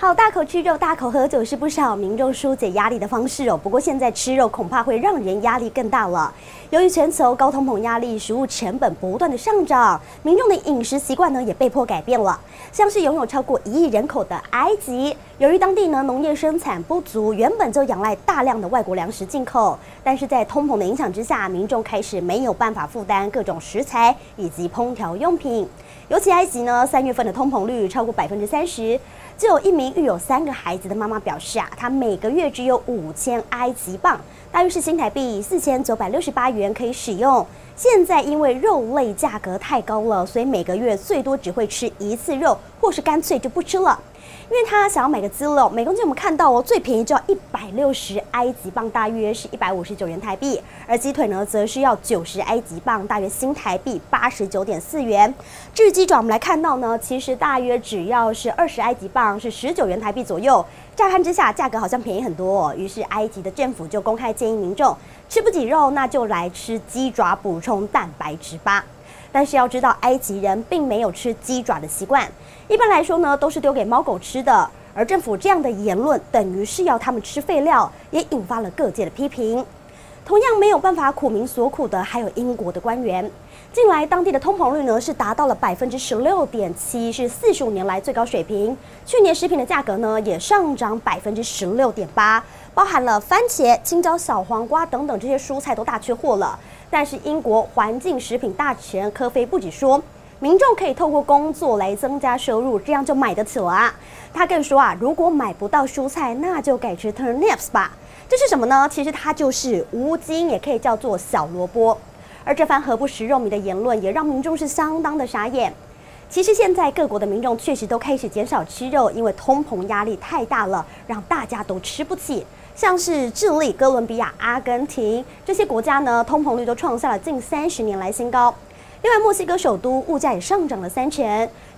好，大口吃肉，大口喝酒是不少民眾疏解壓力的方式哦。不過現在吃肉恐怕會讓人壓力更大了。由於全球高通膨壓力，食物成本不斷的上漲，民眾的飲食習慣呢也被迫改變了。像是擁有超過一億人口的埃及，由於當地呢農業生產不足，原本就仰賴大量的外國糧食進口，但是在通膨的影響之下，民眾開始沒有辦法負擔各種食材以及烹調用品。尤其埃及呢，三月份的通膨率超過百分之三十，就有一名。育有三個孩子的媽媽表示啊，她每個月只有五千埃及鎊，大約是新台幣四千九百六十八元可以使用。現在因為肉類價格太高了，所以每個月最多只會吃一次肉，或是乾脆就不吃了。因為他想要買個雞肉，每公斤我們看到哦，最便宜就要一百六十埃及鎊，大約是一百五十九元台幣；而雞腿呢，則是要九十埃及鎊，大約新台幣八十九點四元。至於雞爪，我們來看到呢，其實大約只要是二十埃及鎊，是十九元台幣左右。乍看之下，價格好像便宜很多哦。於是，埃及的政府就公開建議民眾，吃不起肉，那就來吃雞爪補充蛋白質吧。但是要知道，埃及人並沒有吃雞爪的習慣。一般來說呢，都是丟給貓狗吃的。而政府這樣的言論，等於是要他們吃廢料，也引發了各界的批評。同樣沒有辦法苦民所苦的，還有英國的官員。近來當地的通膨率呢是達到了百分之十六點七，是四十五年來最高水平。去年食品的價格呢也上漲百分之十六點八，包含了番茄、青椒、小黃瓜等等這些蔬菜都大缺貨了。但是英國環境食品大臣科菲不僅說。民眾可以透過工作來增加收入，這樣就買得起了啊。他更說啊，如果買不到蔬菜，那就改吃 turnips 吧。這是什麼呢？其實它就是蕪菁，也可以叫做小蘿蔔。而這番“何不食肉糜”的言論，也讓民眾是相當的傻眼。其實現在各國的民眾確實都開始減少吃肉，因為通膨壓力太大了，讓大家都吃不起。像是智利、哥倫比亞、阿根廷這些國家呢，通膨率都創下了近三十年來新高。另外，墨西哥首都物價也上漲了三成。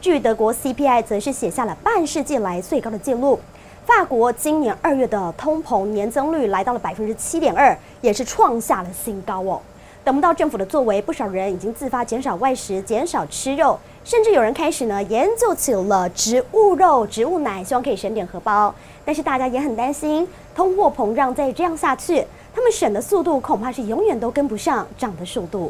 至於德國 CPI，則是寫下了半世紀來最高的紀錄。法國今年二月的通膨年增率來到了百分之七點二，也是創下了新高哦。等不到政府的作為，不少人已經自發減少外食、減少吃肉，甚至有人開始呢研究起了植物肉、植物奶，希望可以省點荷包。但是大家也很擔心，通貨膨脹再這樣下去，他們省的速度恐怕是永遠都跟不上漲的速度。